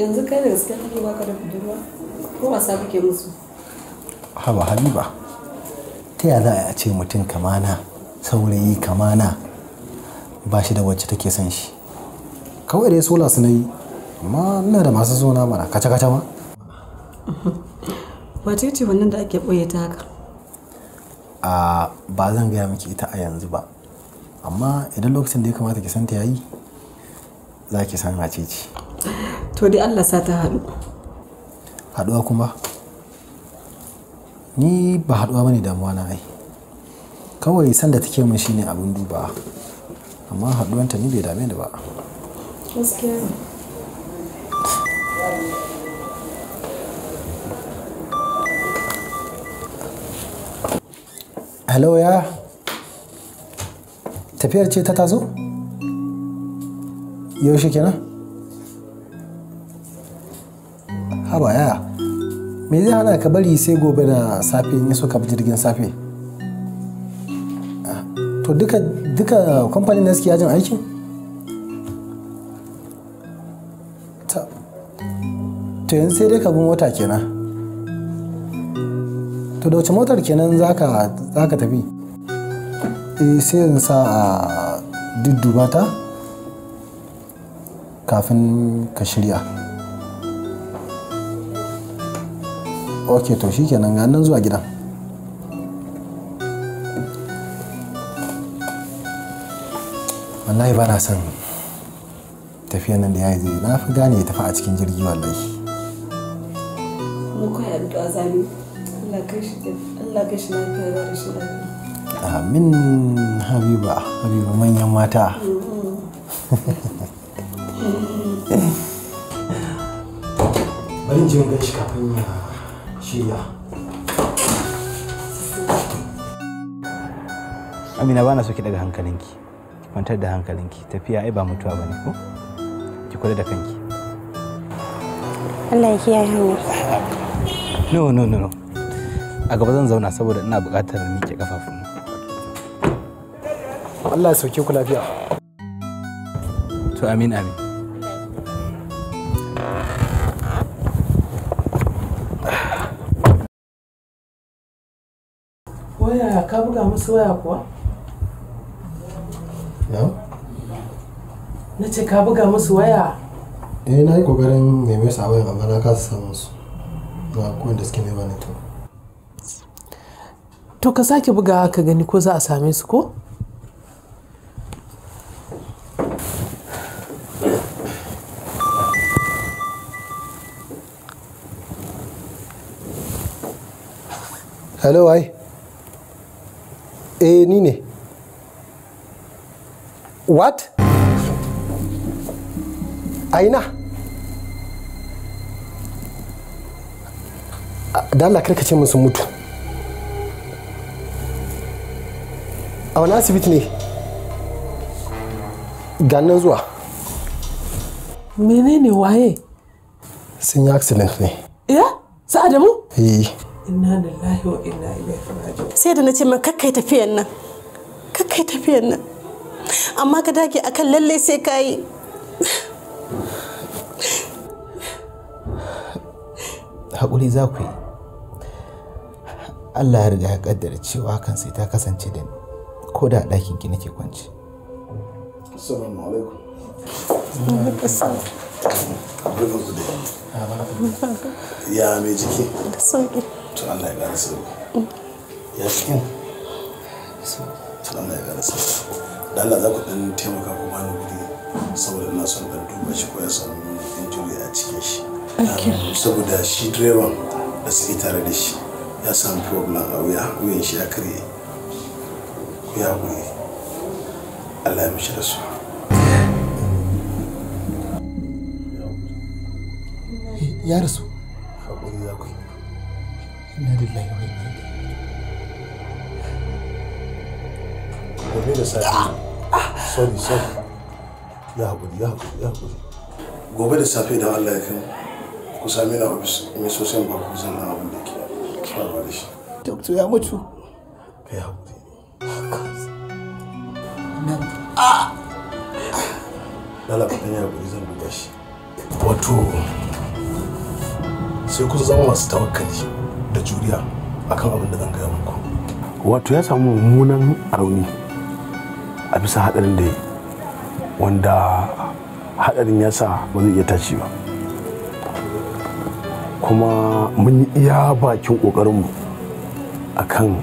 yanzu kai da gaske ne ba ka da budurwa ko wasa kake musu haba habiba ta ya za a ce mutum kamana saurayi kamana ba shi da wacce take son shi kawai dai sola su na yi amma ina da masu zona mana kaca-kaca ma wace ce wannan da ake ɓoye ta haka a ba zan gaya miki ita a yanzu ba amma idan lokacin da ya kamata ki san ta yayi za ki san ce ce to dai allah sa ta haɗu haɗuwa kuma ni ba haɗuwa bane damuwa na ai kawai sanda take mun shine abin duba amma haɗuwanta ni bai dame ni ba hello ya tafiyar ce ta tazo yaushe kenan haba ya me zai hana ka bari sai gobe na safe in so ka fi jirgin safe ah, to duka duka kamfanin da suke yajin aikin to yanzu sai dai ka bin mota kenan to da wace motar kenan za ka tafi eh sai yanzu sa a dudduba ta kafin ka shirya ok to shikenan ga nan zuwa gidan wallahi ba na son tafiyan nan da ya zai na fi gane ya tafi a cikin jirgi wallahi mukwai addu'a zami Allah kai shi lafiya da rashin amin habiba habiba manyan mata mm-hmm. bari jin gan shi kafin ya amina bana so ki daga hankalinki ki kwantar da hankalinki tafiya ai ba mutuwa bane ko ki kula da kanki Allah ya kiyaye hanya no no no no a gaba zan zauna saboda ina buƙatar miƙe kafafun Allah ya sauke ku lafiya to amin amin musu waya kuwa? na? na ce ka buga musu waya eh na yi kokarin neme su wayan amma na kasa samun su na kuwan da suke nema ne to to ka sake buga ka gani ko za a same su ko? hello ai eh ni ne what aina da Allah ka ce musu mutu a wani asibiti ne ganin zuwa menene waye sun yi accident ne iya sa'adamu? eh inna lillahi wa inna ilaihi raji'un sai da nace man kakkai tafiyan nan kakkai tafiyan nan amma ka dage akan lalle sai ka yi haƙuri za ku yi Allah ya riga ya kaddara cewa hakan sai ta kasance da ni ko da ɗakin ki nake kwanci assalamu alaikum ya mai jiki da sauki to Allah ya ƙara sauwa ya cikin to Allah ya ƙara sauwa da Allah za ku ɗan taimaka ku bani guri saboda ina son ɗan duba shi ko ya samu injuri a cikin shi ah, saboda shi direban da suke tare da shi ya samu problem a wuya wuyan shi ya karye ku ya wuya Allah ya mishi da su ya rasu gobe da safe sorry da Allah ya kai ku same ni a ofis mai sosai ba ku zan abin da ke faruwa da shi doctor ya mutu kai nan ah! lala ba ya ku zan duba shi wato sai ku zama masu tawakkali da juriya akan abin da zan gaya muku wato ya samu mummunan rauni a bisa hadarin da ya wanda hadarin ya sa ba zai iya tashi ba kuma mun yi iya bakin ƙoƙarinmu a kan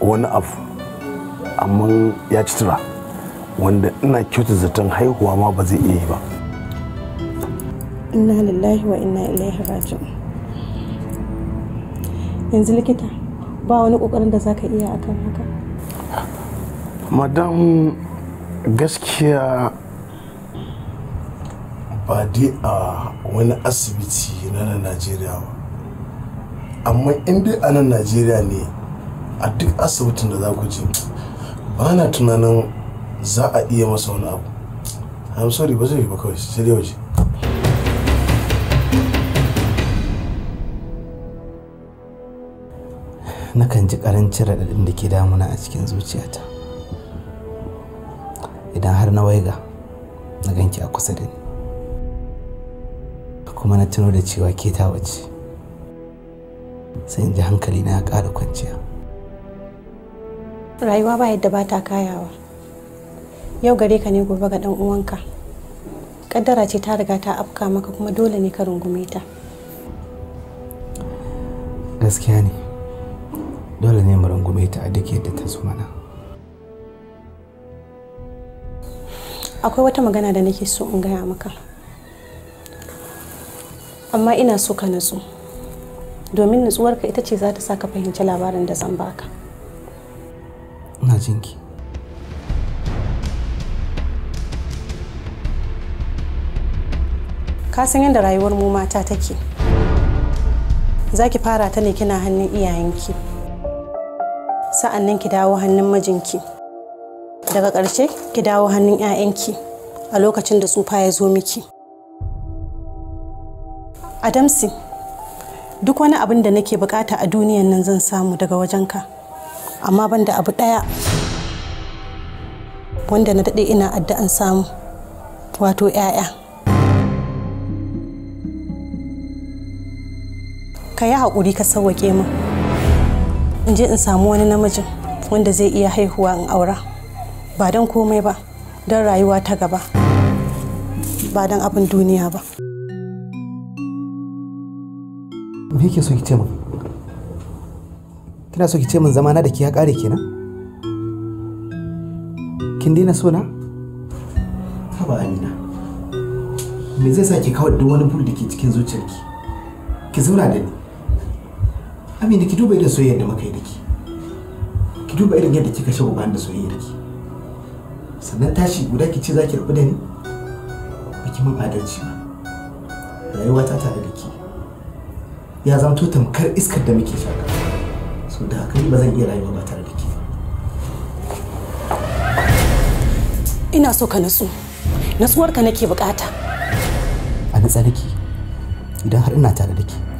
wani abu amma ya ci tura wanda ina kyauta zaton haihuwa ma ba zai iya yi ba inna lillahi wa inna ilaihi raji'un yanzu likita ba wani kokarin da zaka iya akan haka madam gaskiya ba dai a wani asibiti na nan najeriya ba amma in dai a nan najeriya ne a duk asibitin da za ku je ba na tunanin za a iya masa wani abu i'm sorry ba zai yi ba kawai sai dai waje nakan ji ƙarancin raɗaɗin da ke damuna a cikin zuciyata idan har na waiga na ganki a kusa da ni kuma na tuno da cewa ke ta wace sai in ji hankali na ƙara kwanciya rayuwa ba yadda ba ta kayawa yau gare ka ne gobe ga ɗan uwanka ƙaddara ce ta riga ta afka maka kuma dole ne ka rungume ta gaskiya ne dole ne mu rungume ta a duk yadda ta mana akwai wata magana da nake so in gaya maka amma ina so ka natsu domin nutsuwarka ita ce za ta sa ka fahimci labarin da zan baka ina jinki ka san yadda rayuwar mu mata take za ki fara ta ne kina hannun iyayenki sa'annan ki dawo hannun mijinki daga ƙarshe ki dawo hannun 'ya'yanki a lokacin da tsufa ya zo miki adamsi duk wani abin da nake bukata a duniyan nan zan samu daga wajenka amma ban da abu ɗaya wanda na daɗe ina addu'an samu wato 'ya'ya ka yi haƙuri ka sauwaƙe min in je in samu wani namijin wanda zai iya haihuwa in aura ba don komai ba don rayuwa ta gaba ba don abin duniya ba me yake so ki ce min kina so ki ce min zamana da ki ya kare kenan kin daina sona haba amina me zai sa ki kawo duk wani buri da ke cikin zuciyarki ki zauna da ni Amina ki duba irin soyayyar da muka yi da ki. Ki duba irin yadda kika sha bayan da soyayyar ki. Sannan tashi guda ki ce za ki rabu da ni? Ba ki min adalci ba. Rayuwa ta tare da ki. Ya zamto tamkar iskar da muke shaka. So da haka ba zan iya rayuwa ba tare da ki. Ina so ka nasu nasuwar ka nake bukata. A natsa nake. Idan har ina tare da ki.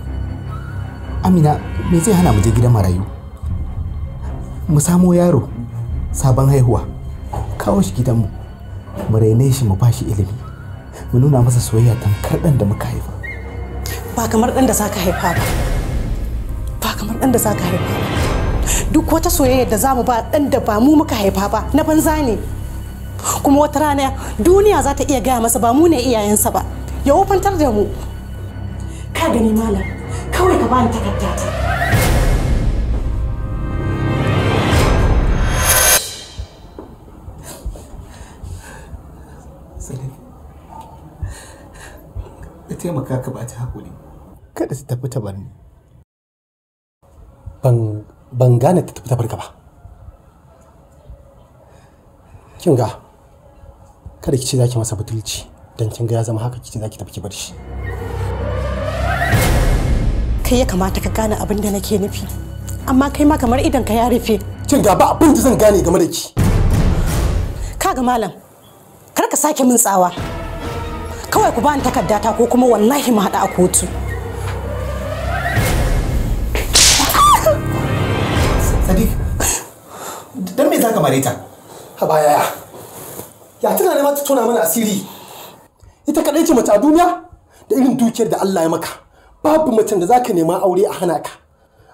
amina me zai hana mu je gidan marayu mu samo yaro sabon haihuwa kawo shi gidanmu mu raine shi mu bashi ilimi mu nuna masa soyayya tamkar ɗan da muka haifa ba kamar ɗan da saka haifa ba ba kamar ɗan da saka haifa ba duk wata soyayya da zamu ba ɗan da ba mu muka haifa ba na banza ne kuma wata rana duniya za ta iya gaya masa ba mu ne iyayensa ba ya wofantar da mu ka gani malam kawai ka bani takardata. ta taimaka ka ta hakuri kada ta tafi ta ni ban ban gane ta tafi ta barka ba kin ga kada ki ce ki masa butulci don kin ga ya zama haka za ki tafi ki bar shi kai ya kamata ka gane abin da nake nufi amma kai ma kamar idan ka ya rufe kin ga ba abin da zan gane game da ki kaga malam kar ka sake min tsawa kawai ku ba ni takarda ta ko kuma wallahi mu hada a kotu sadiq dan me zaka bare ta ha baya ya tana ne ma ta tona mana asiri ita kadai ce mace a duniya da irin dukiyar da Allah ya maka babu macen da zaka nema aure a hana ka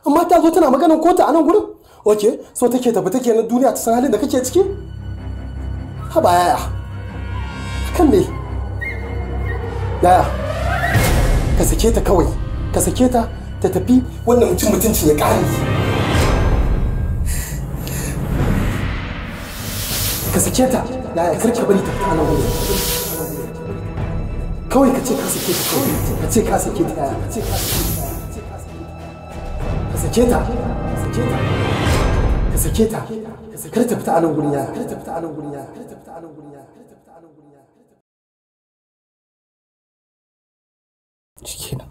amma ta zo tana maganin kota a nan gurin ok so take tafi take na duniya ta san halin da kake ciki haba yaya kan ne yaya ka sake ta kawai ka sake ta ta tafi wannan mutum mutunci ya kare ka sake ta yaya karki bari ta fita nan gurin kawai ka ce ka sake ta kawai ka ce ka sake ta ka ce ka sake ta ka sake ta ka sake ta ka sake ta kar ta fita a nan gurin yara kar ta fita a nan gurin yara kar ta fita a nan gurin yara shikenan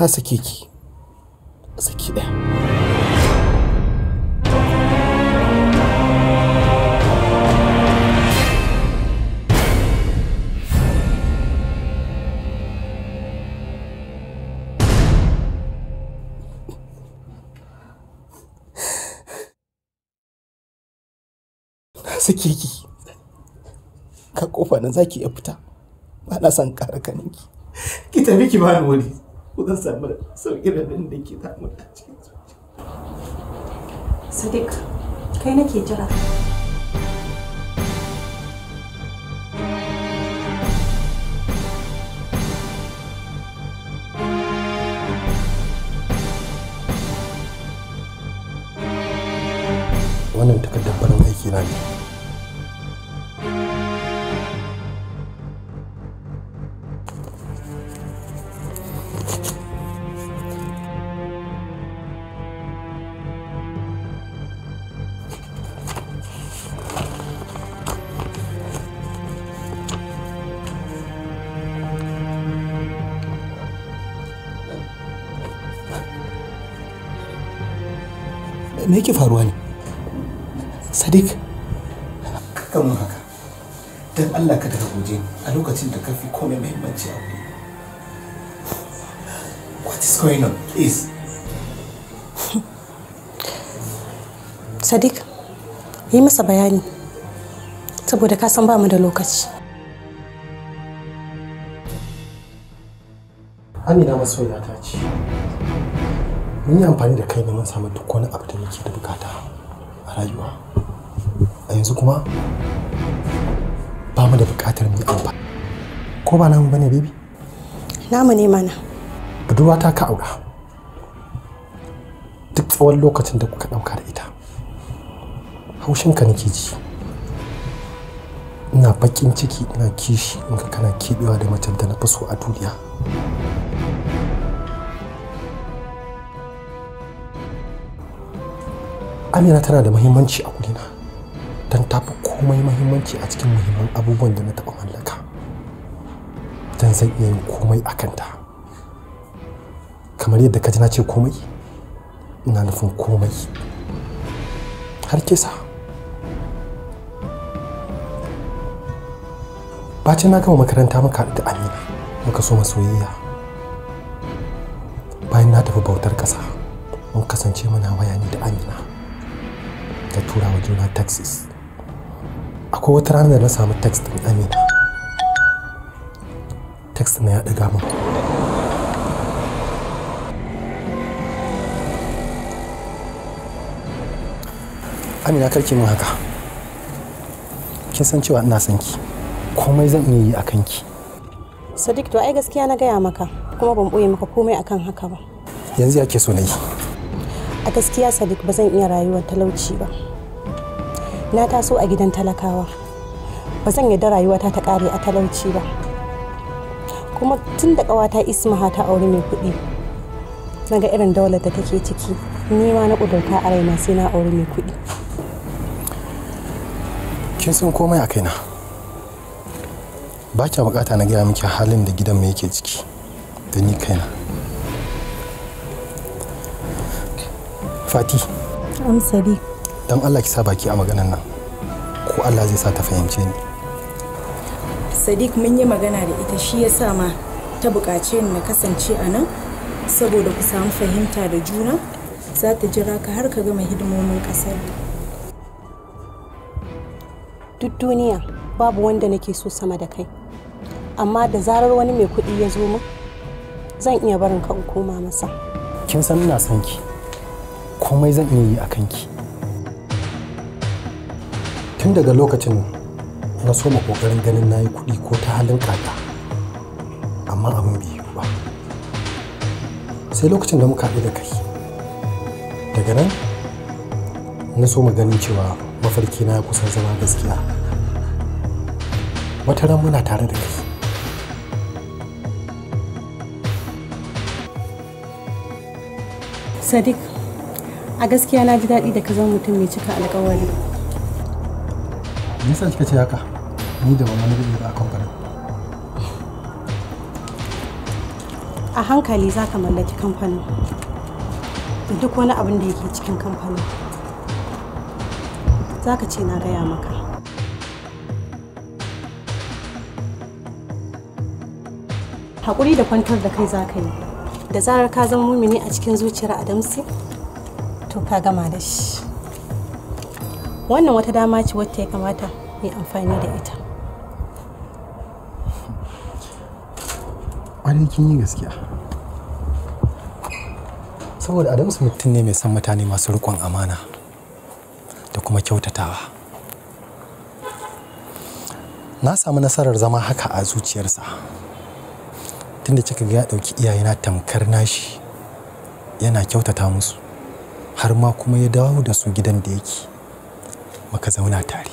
na sake ki Sake ɗaya sake ka kofa nan za ki iya fita ba na son ƙara ganin ki ki tafi ki ba ni wuri ko zan samu sauƙi da da ke mu a cikin Sadiq kai nake jira wannan takardar farin aiki na ne faruwa ne sadiq kan mun haka dan allah ka daga goje a lokacin da ka fi komai muhimmanci a wuri what is going on please sadiq yi masa bayani saboda ka san ba mu da lokaci amina masoyata ce mun yi amfani da kai ne mun samu duk wani abu da muke da bukata a rayuwa a yanzu kuma ba mu da bukatar mu yi amfani ko ba namu bane baby namu ne mana budurwa ta ka aura duk tsawon lokacin da kuka dauka da ita haushinka nake ji ina bakin ciki ina kishi in kana kebewa da macen da na fi so a duniya amina tana da muhimmanci a kudina don ta fi komai muhimmanci a cikin muhimman abubuwan da na taɓa mallaka don zan iya yin komai a kanta kamar yadda ka ji na ce komai ina nufin komai har kisa bacin na gama makaranta muka da amina muka so soyayya bayan na tafi bautar ƙasa mun kasance muna waya da amina ta tura wa juna taxis akwai wata rana da na samu text din amina text na ya ɗiga min amina karki min haka kin san cewa ina son ki komai zan iya yi a kanki sadiq to ai gaskiya na gaya maka kuma ban ɓoye maka komai akan haka ba yanzu ya ke so na yi a gaskiya sadiq ba zan iya rayuwar talauci ba na taso a gidan talakawa ba zan yarda rayuwata ta kare a talauci ba kuma tun da ƙawata ismaha ta aure mai kuɗi na ga irin daular da take ciki ni ma na ƙudurta a raina sai na aure mai kuɗi kin san komai a kaina ba kya bukata na gaya miki halin da gidan mai yake ciki da ni kaina fati amsari don Allah ki sa baki a maganan nan ko Allah zai sa ta fahimce ni Sadiq mun yi magana da ita shi yasa ma ta buƙace ni na kasance a nan saboda ku samu fahimta da juna za ta jira ka har ka gama hidimomin ƙasar duk duniya babu wanda nake so sama da kai amma da zarar wani mai kuɗi ya zo min zan iya barin ka in koma masa kin san ina son ki komai zan iya yi a kanki tun daga lokacin na soma kokarin ganin na yi kuɗi ko ta halin kata amma abin bai yi ba sai lokacin da muka haɗu da kai daga nan na soma ganin cewa mafarki na kusan zama gaskiya wata ran muna tare da kai sadiq a gaskiya na ji daɗi da ka zama mutum mai cika alkawari me yasa kika ce haka ni da wani rubutu da akan kamfanin a hankali za ka mallaki kamfanin da duk wani abin da yake cikin kamfanin za ka ce na gaya maka haƙuri da kwantar da kai za ka yi da zarar ka zama mumini a cikin zuciyar adamsi to ka gama da shi wannan wata dama ce wacce ya kamata mai amfani da ita wani kin yi gaskiya saboda adamsu mutum ne mai san mutane masu riƙon amana da kuma kyautatawa na samu nasarar zama haka a zuciyarsa tunda kika ga ya ɗauki iyayena tamkar nashi yana kyautata musu har ma kuma ya dawo da su gidan da yake muka zauna tare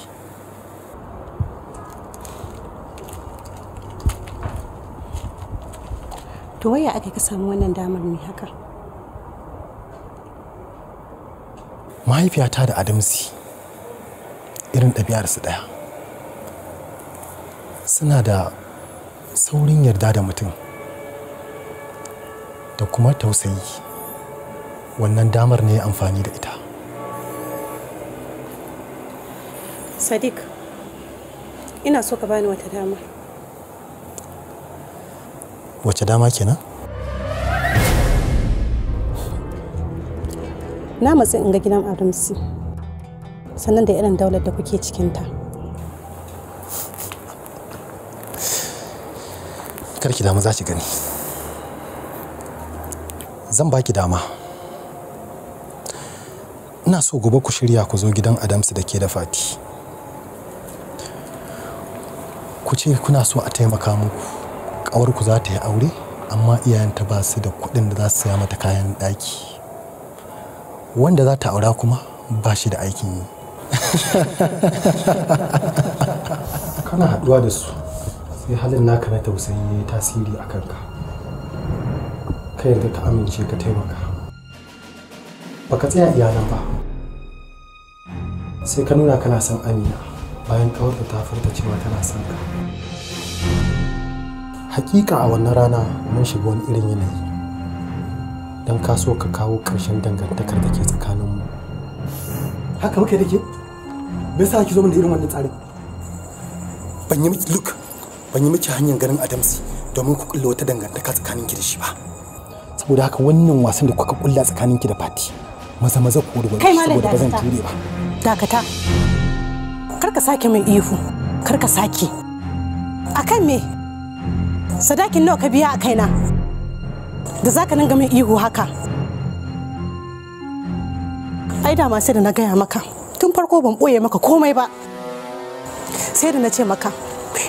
to waya aka ka samu wannan damar ne haka mahaifiyata da adamsi irin su ɗaya suna da saurin yarda da mutum da kuma tausayi wannan damar ne amfani da ita sadiq ina so ka bani wata dama wace dama kenan na matsi in ga gidan adamsi sannan da irin daular da kuke cikinta karki dama za ki gani zan baki dama ina so gobe ku shirya ku zo gidan adamsu da ke da fati ku ce kuna so a taimaka muku ƙawarku za ta yi aure amma iyayenta ba su da kuɗin da za su saya mata kayan ɗaki wanda za ta aura kuma ba shi da aikin yi kana haɗuwa da su sai halin naka na tausayi ya yi tasiri a kanka ka yarda ka amince ka taimaka ba baka tsaya iyalan ba sai ka nuna kana son amina bayan da ta furta cewa tana son ka hakika a wannan rana mun shiga wani irin yanayi don ka so ka kawo ƙarshen dangantakar da ke tsakaninmu haka muke da ke bai sa ki zo min da irin wannan tsarin ban yi miki luk ban yi miki hanyar ganin adamsi domin ku kulla wata dangantaka tsakanin ki da shi ba saboda haka wannan wasan da kuka kulla tsakanin ki da fati maza maza ku da saboda ba zan ture ba dakata ka sake min ihu kar ka sake akan me sadakin nawa ka biya a kaina da za ka ga min ihu haka ai da masu da na gaya maka tun farko ban ɓoye maka komai ba sai da na ce maka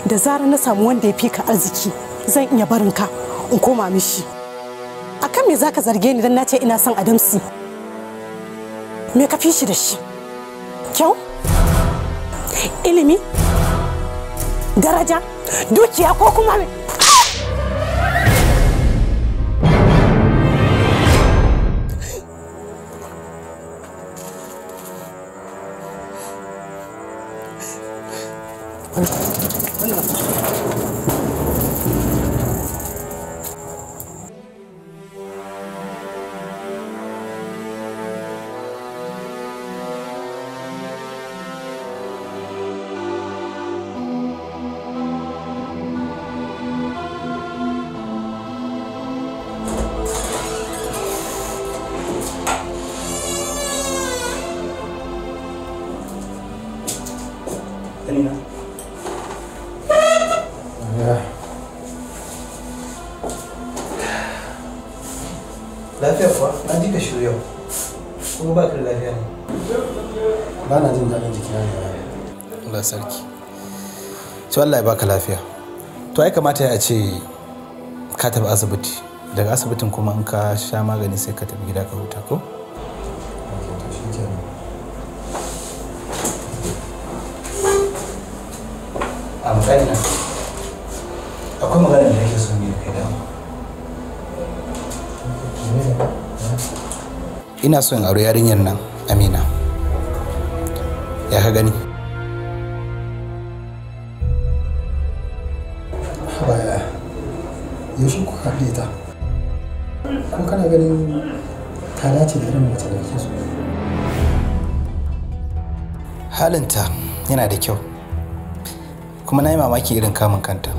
da zarar na samu wanda ya fi ka arziki zan iya barin ka in koma mishi akan me za ka zarge ni don na ce ina son adamsi me ka fi shi da shi kyau ilimi daraja dukiya ko kuma Thank you. to Allah ya baka lafiya to ai kamata ya ce ka tafi asibiti daga asibitin kuma in ka sha magani sai ka tafi gida ka huta ko a so akwai maganar da son yi ina son aure yarinyar nan amina ya ka gani ka dace da irin mace da ke so halinta yana da kyau kuma na yi mamaki irin kamun kanta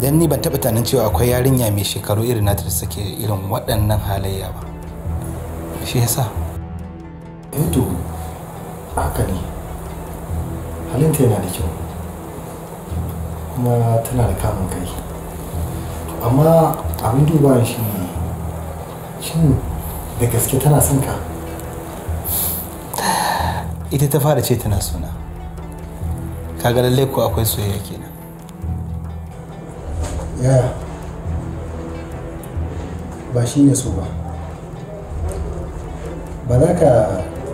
don ni ban taɓa tunanin cewa akwai yarinya mai shekaru irin nata da suke irin waɗannan halayya ba shi yasa eh to haka ne halinta yana da kyau kuma tana da kamun kai amma abin dubawa shi ne shin da gaske tana son ka ita ta fara ce tana suna kaga lalle ko akwai soyayya kenan yaya ba shi ne so ba ba za ka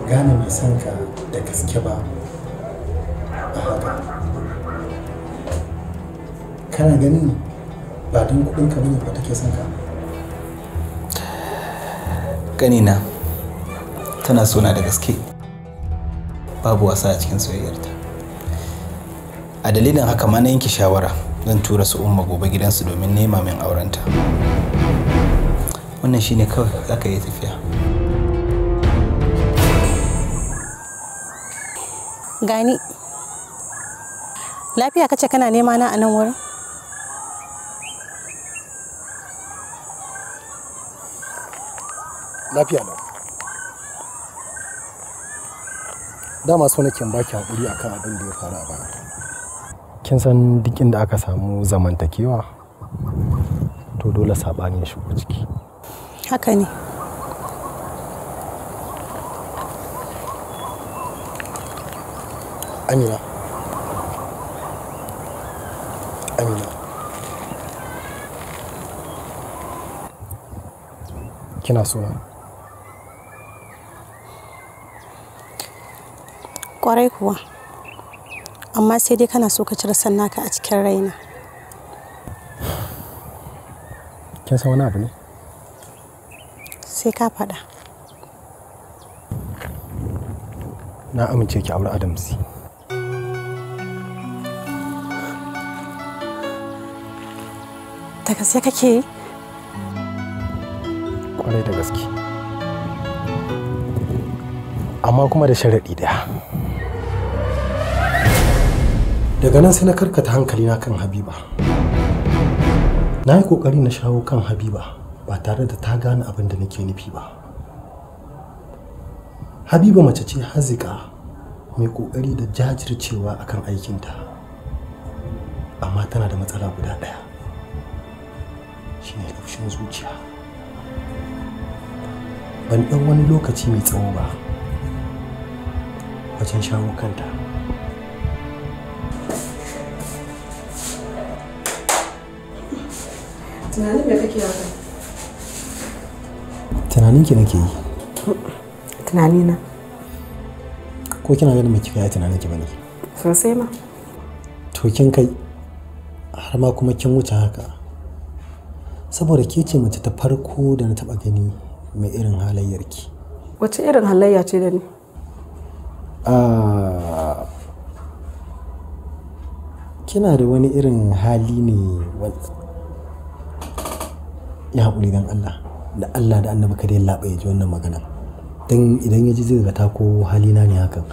gane mai son ka da gaske ba a haka kana ganin ba don kudinka bane ba take son ka ƙanina tana sona da gaske babu wasa a cikin soyayyarta a dalilin haka ma na yanke shawara zan tura su umma gobe gidansu domin nema min aurenta wannan shine kawai za ka yi tafiya gani lafiya kace kana nema na a nan wurin lafiya da dama so nake baki haƙuri akan abin da ya faru a baya kin san duk inda aka samu zamantakewa to dole sabani ya shigo ciki haka ne amina amina kina suna Kwarai kuwa, amma sai dai kana so ka cire sannan ka a cikin raina. Kin san wani abu ne? Sai ka faɗa. Na amince ki aure Adamsi. Daga sai kake yi? Kwarai da gaske. Amma kuma da sharaɗi daya. daga nan sai na karkata hankali na kan habiba na yi kokari na shawo kan habiba ba tare da ta gane abin da nake nufi ba habiba mace ce hazika mai kokari da jajircewa akan aikinta amma tana da matsala guda ɗaya shine laushin zuciya ban ɗan wani lokaci mai tsawo ba wajen shawo kanta tunanin me kake haka tunanin ki nake yi tunani na ko kina ganin mai kika yi tunanin ki bane sosai ma to kin kai har ma kuma kin wuce haka saboda ke ce mace ta farko da na taba gani mai irin halayyarki wace irin halayya ce da ni ah, kina da wani irin hali ne ya haƙuri don Allah da Allah da annabi kada ya laɓa ya ji wannan magana don idan ya ji zai ta ko halina ne hakan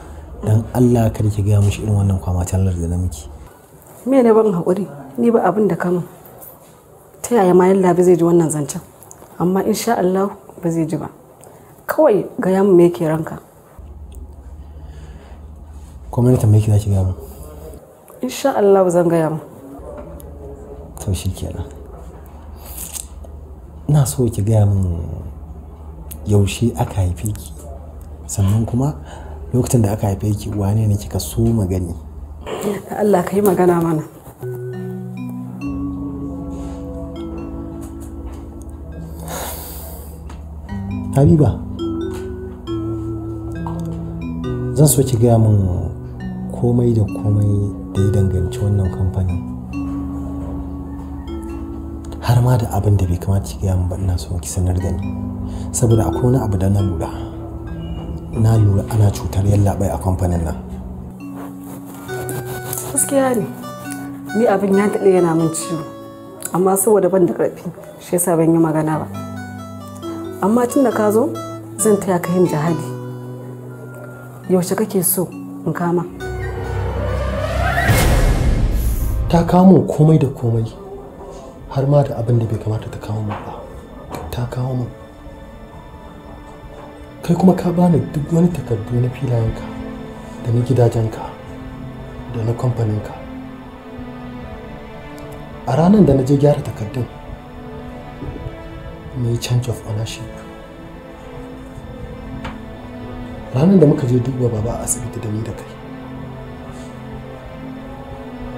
don Allah kada ki gaya mishi irin wannan kwamatan da na miki me ne ban haƙuri ni ba abin da kama ta yaya ma yalla ba zai ji wannan zancen amma insha Allah ba zai ji ba kawai gaya mu me yake ranka gwamnati me yake za ki gaya mu insha Allah zan gaya mu to kenan. ina so ki gaya min yaushe aka haife ki sannan kuma lokacin da aka haife ki wane ne kika so magani Allah ka yi magana mana Habiba zan so ki gaya min komai da komai da ya danganci wannan kamfanin har da abin da bai kamata ki gaya ba ina so ki sanar da ni saboda akwai wani abu da na lura na lura ana cutar yallaɓai a kamfanin nan gaskiya ne ni abin ya daɗe yana min ciwo amma saboda ban da ƙarfi shi yasa ban yi magana ba amma tun da ka zo zan taya ka yin jihadi yaushe kake so in kama ta kamo komai da komai har ma da abin da bai kamata ta kawo min ba ta kawo min kai kuma ka bani duk wani takardu na filayenka da na gidajenka da na kamfaninka a ranar da na je gyara takardun na change of ownership ranar da muka je duba baba a asibiti da ni da kai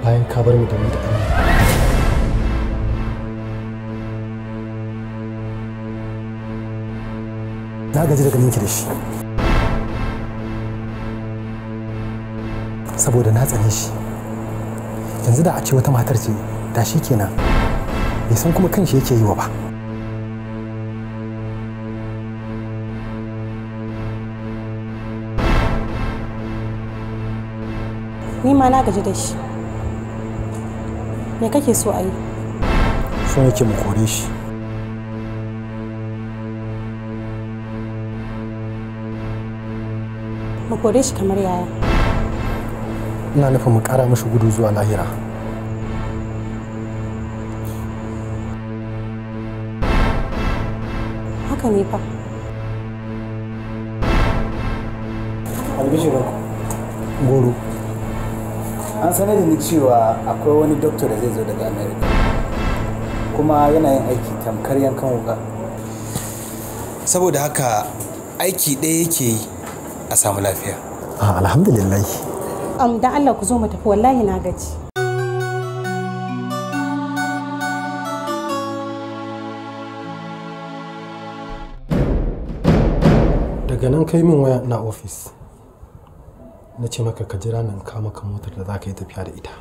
bayan ka bar mu da ni da amina na gaji daga ganin da shi saboda na tsane shi yanzu da a ce wata matar ce da shi kenan bai san kuma kan shi yake yi wa ba ni ma na gaji da shi me kake so a yi so yake mu kore shi mu kore shi kamar yaya ina nufin mu kara mashi gudu zuwa lahira haka ne fa goro an sanar da ni cewa akwai wani doktor da zai zo daga america kuma yana yin aiki tamkar yankan wuka saboda haka aiki ɗaya yake yi a samu lafiya ah, alhamdulillah am da Allah ku zo mu tafi wallahi na gaji daga nan kai min waya na ofis na ce maka ka jira nan ka maka motar da za ka yi tafiya da ita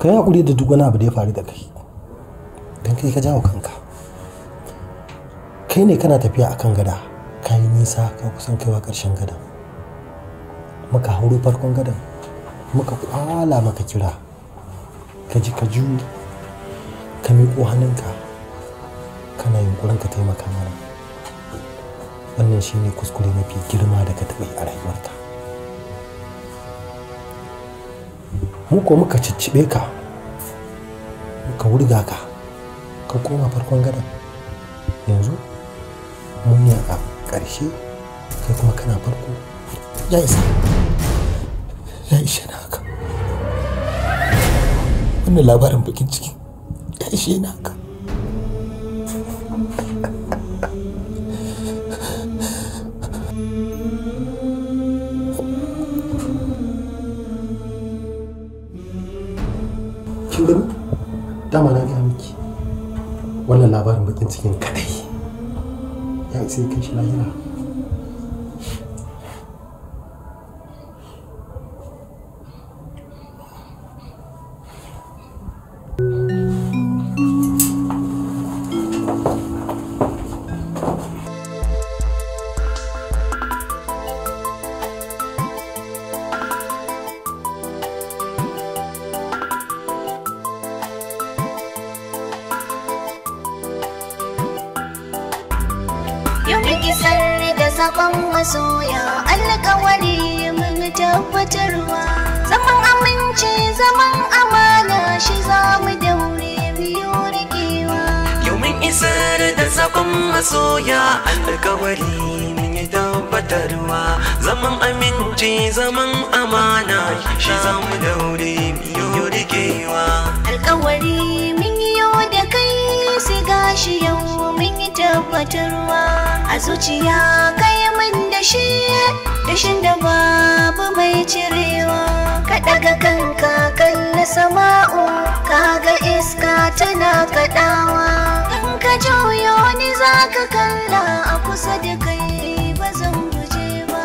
ka yi haƙuri da duk wani abu da ya faru da kai don kai ka jawo kanka kai ne kana tafiya a kan gada ka yi nisa ka kusan kaiwa ƙarshen gadan muka hauro farkon gadan muka kwala maka kira ka ji ka ju ka miƙo hannunka kana yunkurin ka taimaka mana wannan shine kuskure mafi girma da ka taɓa yi a rayuwarka mu ko muka ciccibe ka muka wurga ka ka koma farkon gadon yanzu mun yi a ƙarshe kai kuma kana farko ya isa ya ishe na haka wannan labarin bakin ciki ya ishe na haka dama na gaya miki wannan labarin bakin cikin kadai ya isa kai shi lahira masoya alkawari mun yi tabbatarwa zaman aminci zaman amana shi za mu daure miyo rikewa alkawari mun yi yau da kai sai gashi yau mun yi tabbatarwa a zuciya kai mun da shi dashin da babu mai cirewa ka daga kanka kalli sama'u kaga iska tana kaɗawa ka juyo ni za ka kalla a kusa da kai ba zan guje ba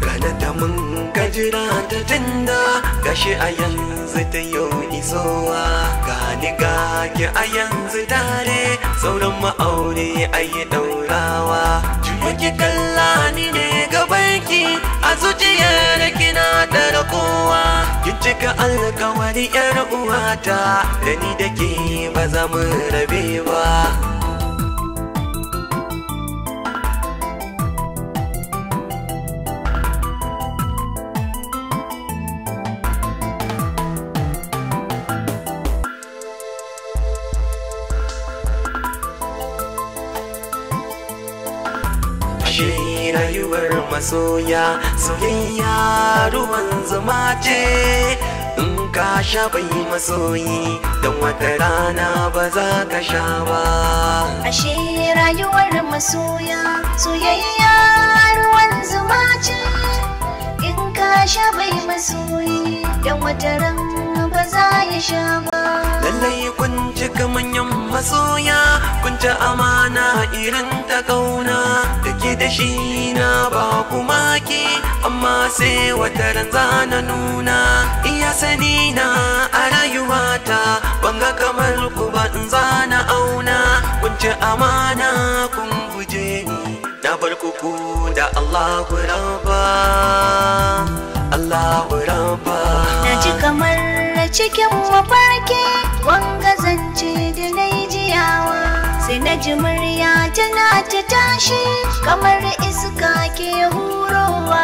ranar da mun gajira ta tunda gashi a yanzu ta yau isowa gani gaki a yanzu tare sauran ma'aure a yi daurawa kuke kalla ni ne gabanki a zuciyar kina da kowa ki cika alkawari yar uwata da ni da ke ba za mu rabe ba rayuwar masoya soyayya ruwan zama ce in ka sha bai masoyi don wata rana ba za ka sha ba ashe rayuwar masoya soyayya ruwan zuma ce in ka sha bai masoyi don wata rana ba za ya sha ba lallai kun cika manyan masoya kun ci amana irin ta kauna da ke da shi na ba kuma ke amma sai wata ranza na nuna iya sani na a rayuwata banga kamar ku ba in zana auna kun amana kun guje ni na bar ku da Allah ku raba Allah ku raba na ji kamar cikin mafarki wanga zance da na yi jiyawa sai na ji murya tana ta tashi kamar iska ke hurowa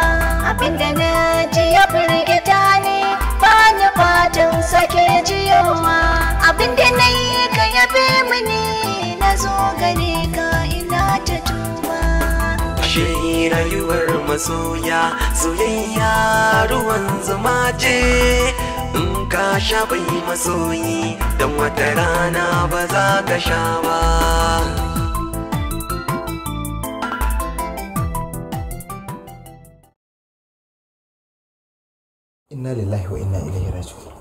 abinda na ji ya firgita ne ba ni fatan sake jiyowa abinda na yi ka yabe mini na zo gare ka ina ta tuba ashe rayuwar masoya soyayya ruwan zuma ce in ka sha bai masoyi don wata rana ba za ka sha ba inna lillahi wa inna ilaihi raji'un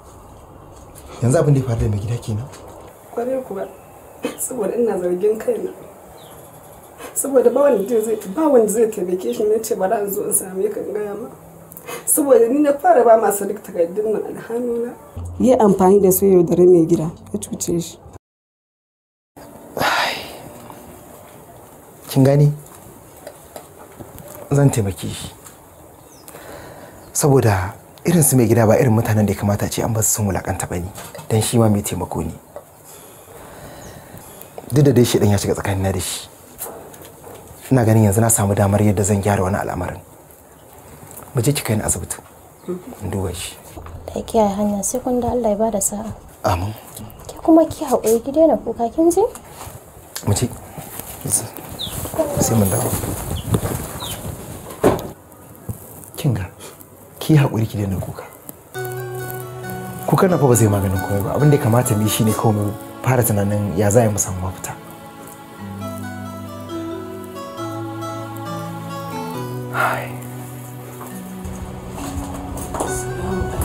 yanzu abin da ya faru da mai gida kenan kwarai kuwa saboda ina zargin kaina saboda ba wanda zai taimake shi ne ce ba za zo in same ka gaya ma saboda ni na fara ba masu duk takardun nan alhannuna yi amfani da su da mai gida ya cuce shi kin gani zan taimaki shi saboda irin su mai gida ba irin mutanen da ya kamata ce an ba su sun wulakanta ba ne don shi ma mai taimako ne duk da dai shi ya shiga na da shi ina ganin yanzu na samu damar yadda zan gyara wani al'amarin mu je ki kai ni asibiti in duba shi ta kiyaye hanya sai kun da Allah ya bada sa'a amin ke kuma ki haƙuri ki daina kuka kin je mu je sai mun dawo kin ga ki haƙuri ki daina kuka kuka na fa ba zai maganin komai ba abin da ya kamata mu yi shine kawai mu fara tunanin ya za mu samu mafita Hi.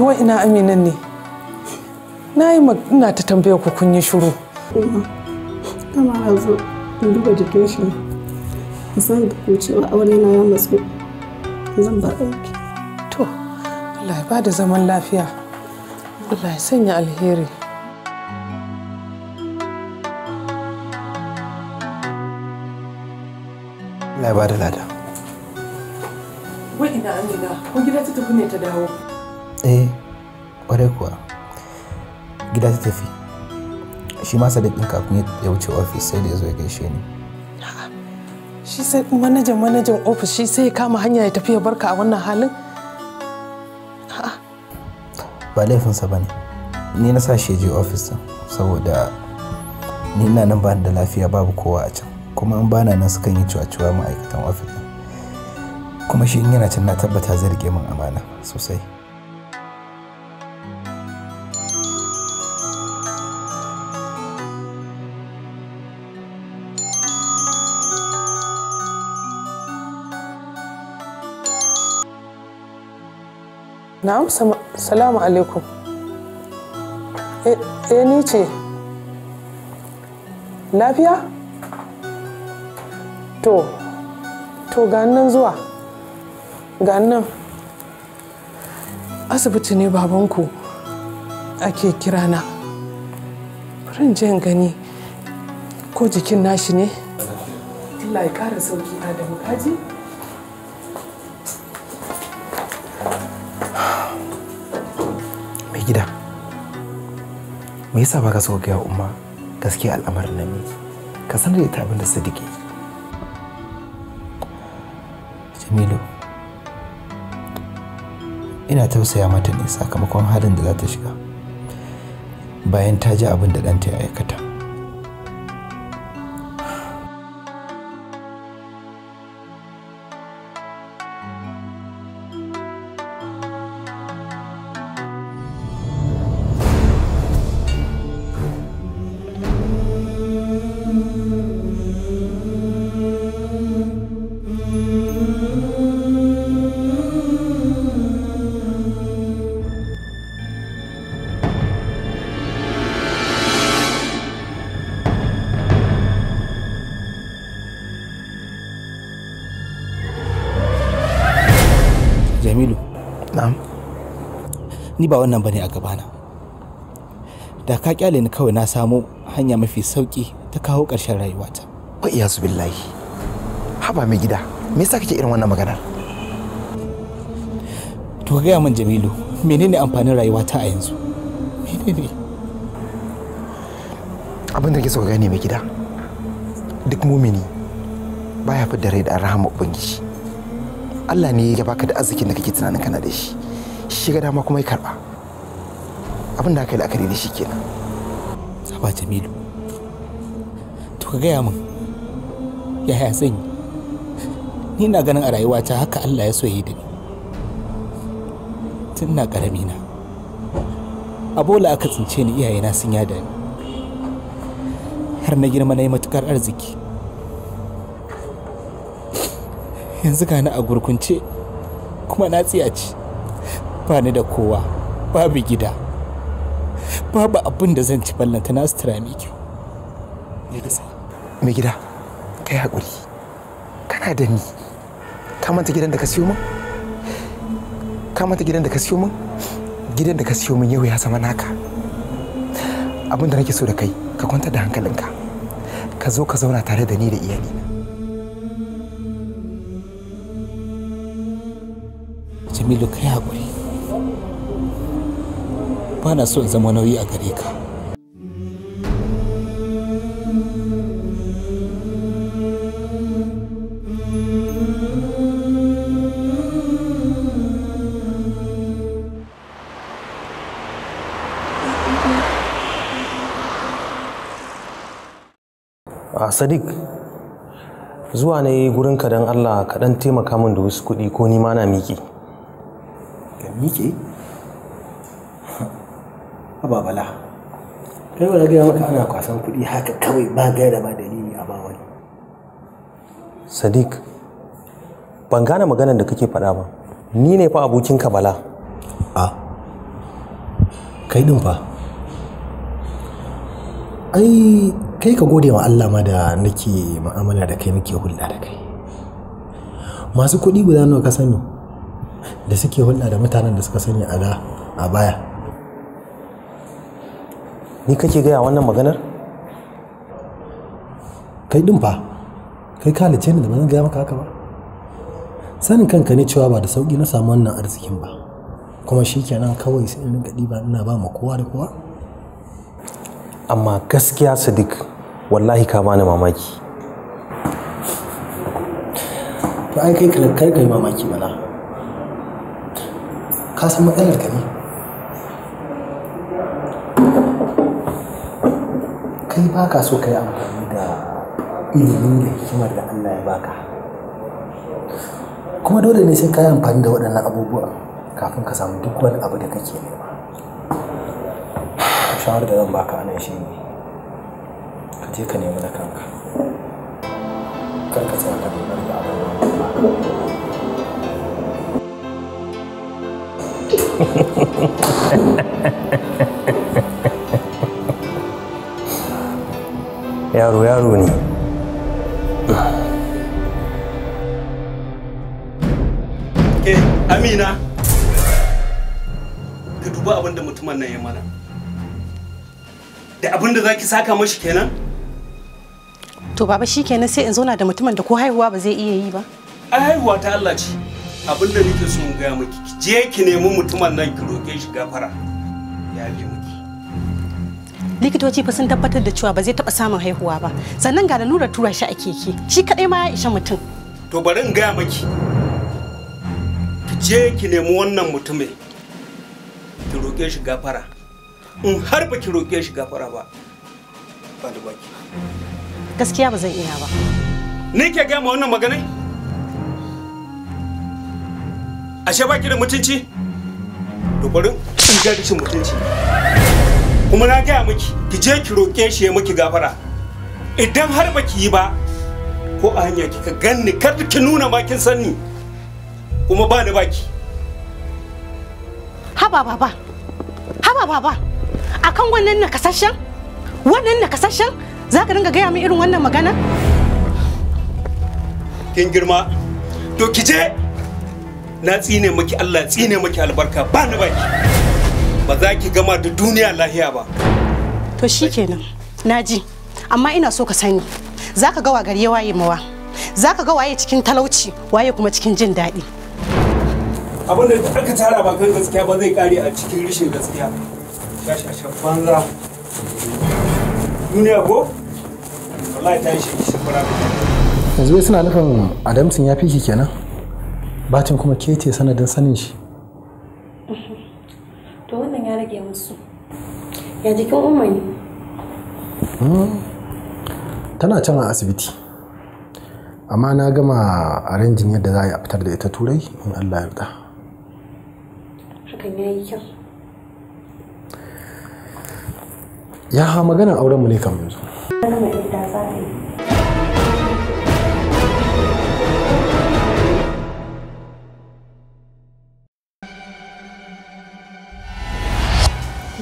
to wai ina aminan ne na yi ina ta tambaya ku kun yi shiru kama na zo in duba jikin shi zan da ko cewa aure na ya matsu zan ba aiki to Allah ya da zaman lafiya Allah ya sanya alheri Allah ya da lada wai ina amina ko gida ta tafi ne ta dawo gida ta tafi shi ma sadiq din kafin ya wuce ofis sai da ya zo ya gaishe ni shi sai manajan manajan ofis shi sai ya kama hanya ya tafi ya barka a wannan halin ba laifinsa ba ne ni na sa shi je ofis saboda ni ina nan ba da lafiya babu kowa a can kuma in bana nan sukan yi cuwa-cuwa ma'aikatan ofis kuma shi in yana can na tabbata zai rike min amana sosai na'am salamu alaikum eh, eh ni ce lafiya to to nan zuwa nan asibiti ne babanku ake na. furin jan gani ko jikin nashi ne Allah ya kara sauki adamu kaji me yasa baka so ga umma gaskiya al'amarin nan ne ka sanar da ita abin da sadiki jamilu ina tausaya mata ne sakamakon halin da za ta shiga bayan ta ji abin da ɗanta ya aikata ni ba wannan bane a gabana da ka kyale ni kawai na samu hanya mafi sauki ta kawo ƙarshen rayuwata iya su billahi haba mai gida me yasa kake irin wannan maganar to ka gaya min jamilu menene amfanin rayuwata a yanzu menene abin da ke so gane mai gida duk mumini baya fi da rai da rahama ubangiji Allah ne ya baka da arzikin da kake tunanin kana da shi shiga dama kuma ya karba abin da aka yi la'akari da shi kenan saba jamilu to ka gaya min yaya zan yi ni na ganin a rayuwa ta haka allah ya so yi da ni tun na ƙarami na abola aka tsince ni iyayena sun yada ni har na girma na yi matukar arziki yanzu ni a gurkunce kuma na tsiyaci bani da kowa babu gida babu abin da zan ci ballanta na sutura mai kyau mai gida kai haƙuri kana da ni ka manta gidan da ka siyo min ka gidan da ka siyo min gidan da ka siyo min yau ya zama naka abin da nake so da kai ka kwanta da hankalinka ka zo ka zauna tare da ni da iyali jamilu kai haƙuri bana son zama nauyi a gare ka a ah, sadiq zuwa na gurin ka don allah kaɗan taimaka min da wasu kuɗi ko nima na miƙe. miƙe ba bala kai ba gaya maka ana kwasan kuɗi haka kawai ba da ba dalili a bawani sadiq ban gane maganar da kake faɗa ba ni ne fa abokinka bala a kai din fa ai kai ka gode wa Allah ma da nake mu'amala da kai nake hulɗa da kai masu kuɗi guda nawa ka sani da suke hulɗa da mutanen da suka sani a baya ni kake gaya wannan maganar kai din fa kai ka halice ni da bazan gaya maka haka ba sanin kanka ne cewa ba da sauki na samu wannan arzikin ba kuma shikenan kawai sai in rinka diba ina ba ma kowa da kowa amma gaskiya sadiq wallahi ka bani mamaki to ai kai kar kai mamaki bala ka san matsalar ka ne kai ba ka so ka yi amfani da ilimin da hikimar da Allah ya baka kuma dole ne sai ka yi amfani da waɗannan abubuwa kafin ka samu duk wani abu da kake nema shawar da zan baka anan shi ne ka je ka nemi na kanka kar tsaya ka dogara da abubuwa Ha ha ha ha ha. yaro yaro ne ke amina ka duba abin da mutumin nan ya mana da abin da za ki saka mashi kenan to baba shi kenan sai in zauna da mutumin da ko haihuwa ba zai iya yi ba ai haihuwa ta Allah ce abin da nake so gaya miki ki je ki nemi mutumin nan ki roke shi gafara ya bi mu likitoci fa sun tabbatar da cewa ba zai taba samun haihuwa ba sannan ga lalura tura shi a keke shi kadai ma ya isha mutum to bari in gaya maki ki je ki nemi wannan mutumin ki roƙe shi gafara in har ba ki roƙe shi gafara ba ba da baki gaskiya ba zan iya ba ni ke gaya ma wannan magana ashe ki da mutunci to bari in ga shi mutunci kuma na gaya miki ki je ki roƙe shi ya miki gafara idan har baki yi ba ko a hanya kika ganni kar ki nuna ma kin sanni kuma ba ni baki haba baba haba baba akan wannan kasashen wannan nakasashen za ka dinga gaya min irin wannan magana kin girma to ki je na tsine miki Allah tsine miki albarka ba ni baki ba za ki gama da duniya lahiya ba to shikenan naji amma ina so ka sani zaka ga wagari ya waye mawa zaka ga waye cikin talauci waye kuma cikin jin daɗi abin da aka tara ba kan gaskiya ba zai kare a cikin rishin gaskiya shashashan banza duniya ko wallahi ta yi shi fara yanzu suna nufin adamsin ya fi kenan bacin kuma ke ce sanadin sanin shi to wannan ya rage musu ya jikin umari hmm. tana can a asibiti amma na gama ranjin yadda za a yi fitar da ita turai in allah yarda hakan ya yi kyau ya ha maganar aurenmu ne kamar yanzu. za a yi.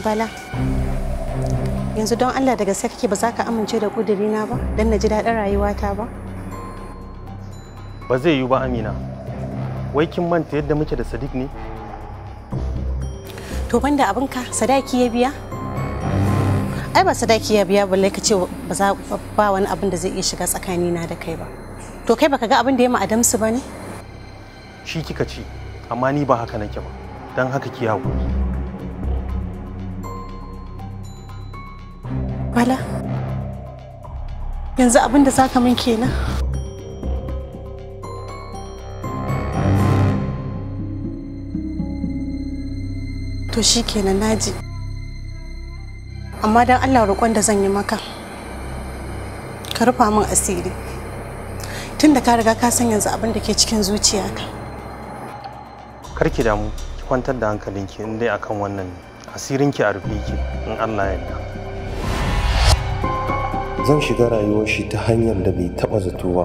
Bala. Yanzu don Allah daga sai kake ba za ka amince da na ba don na ji daɗin rayuwata ba? Ba zai yiwu ba Amina. Wai kin manta yadda muke da Sadiq ne? To banda abinka sadaki ya biya? Ai ba sadaki ya biya balle ka ba za ba wani abin da zai iya shiga tsakanina da kai ba. To kai baka ga abin da ya ma Adamsu ba ne? Shi kika ce, amma ni ba haka nake ba. Don haka ki hakuri. Bala, yanzu abin da za min kenan. To shi kenan naji. Amma don Allah roƙon da zan yi maka. Ka rufa min asiri. Tun da ka riga ka san yanzu abin da ke cikin Kar Karki damu, ki kwantar da hankalinki in dai akan wannan asirinki a rufe ki in Allah ya yarda. zan shiga rayuwar shi ta hanyar da bai taɓa zato ba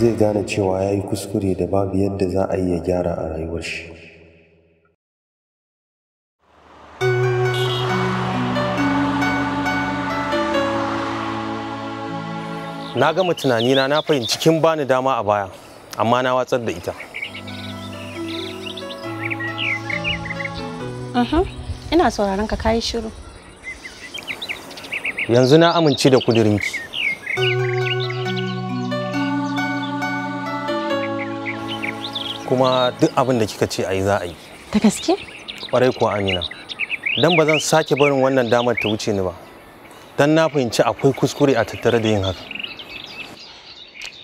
zai gane cewa ya yi kuskure da babu yadda za a iya gyara a rayuwar shi na gama tunanina na fahimci kin bani dama a baya amma na watsar da ita ina sauraron ka kayi shiru yanzu na amince da kudirinki kuma duk abin da kika ce a yi za a yi ta gaske kwarai kuwa amina don ba zan sake barin wannan damar ta wuce ni ba don na fahimci akwai kuskure a tattare da yin haka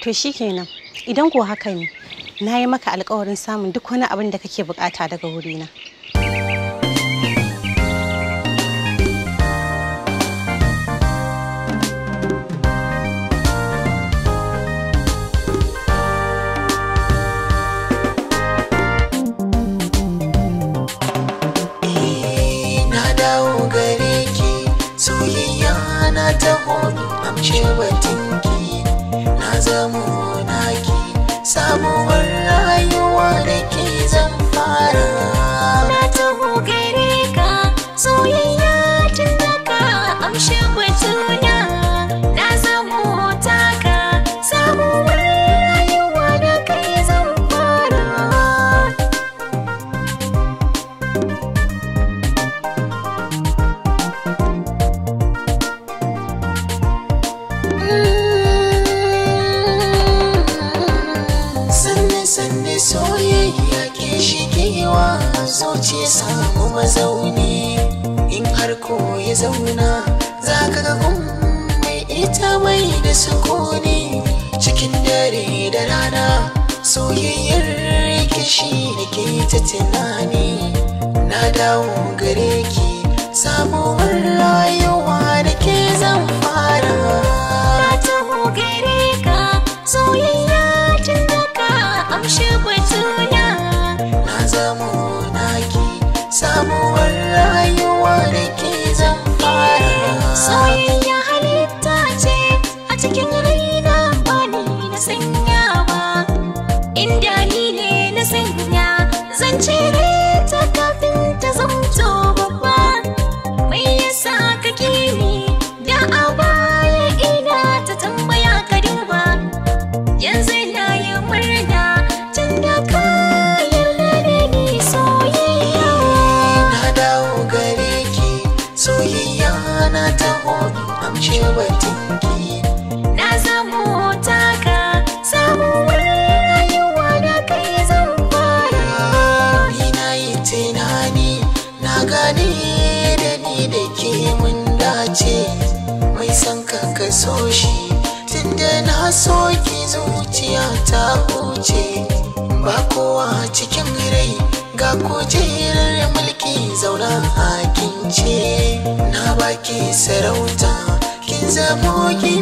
to shikenan idan ko haka ne na yi maka alkawarin samun duk wani abin da kake bukata daga wurina. baki sarauta kin zamo kin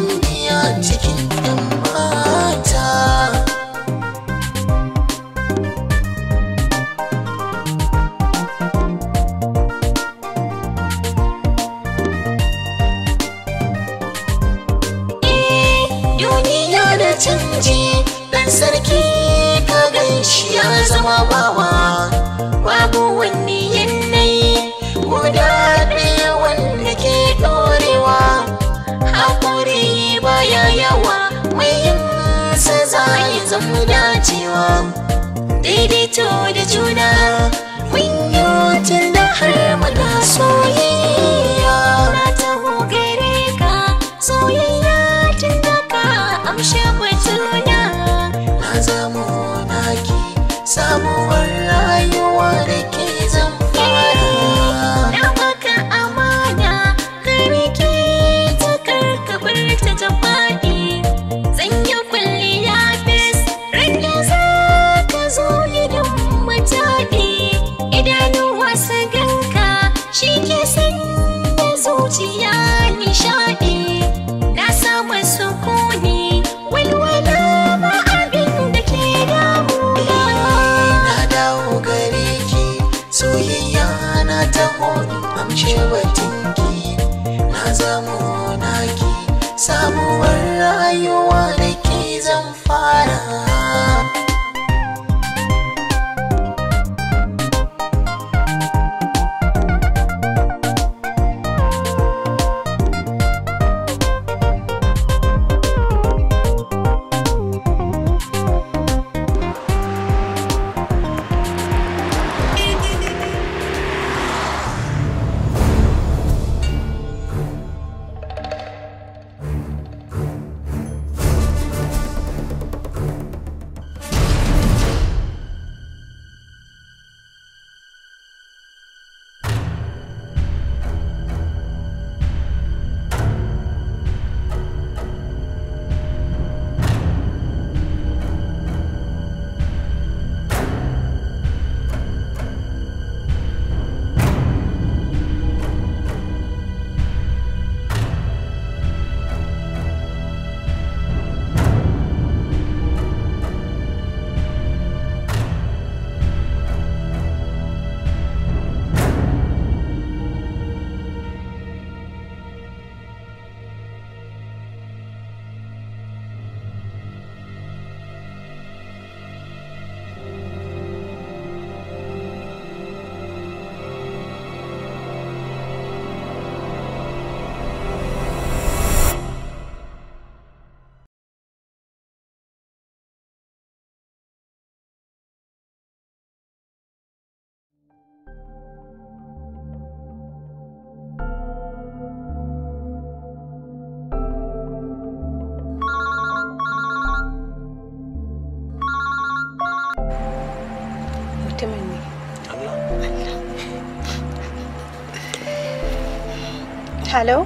Hello?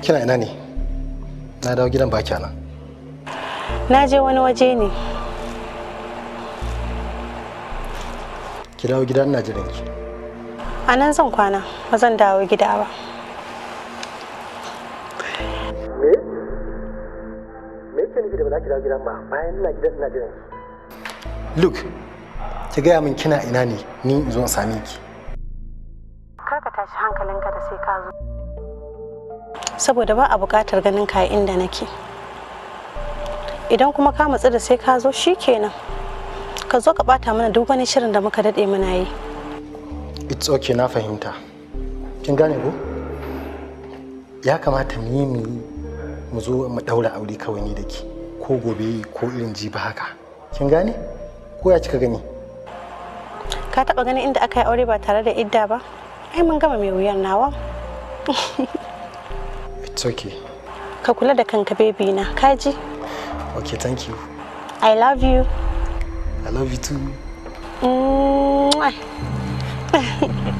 Kina ina ne? Na dawo gidan baki nan. Na je wani waje ne. Ki dawo gidan na jiran ki. A nan zan kwana, ba zan dawo gida ba. Me? Me yake nufi da ba za ki dawo gidan ba bayan ina gidan ina jiran ki? Luke, ki gaya min kina ina ne ni in zo in same ki. saboda ba a buƙatar ganin ka inda nake idan kuma ka matsu da sai ka zo shi kenan ka zo ka bata mana duk wani shirin da muka daɗe muna yi it's okay na fahimta kin gane ko ya kamata mu yi mu zo mu ɗaura aure kawai ni da ke ko gobe ko irin jibi haka kin gane ko ya cika gani ka taɓa ganin inda aka yi aure ba tare da idda ba ai mun gama mai wuyan nawa It's okay. Ka kula da kanka baby na, kaji? Okay, thank you. I love you. I love you too. Mm -hmm.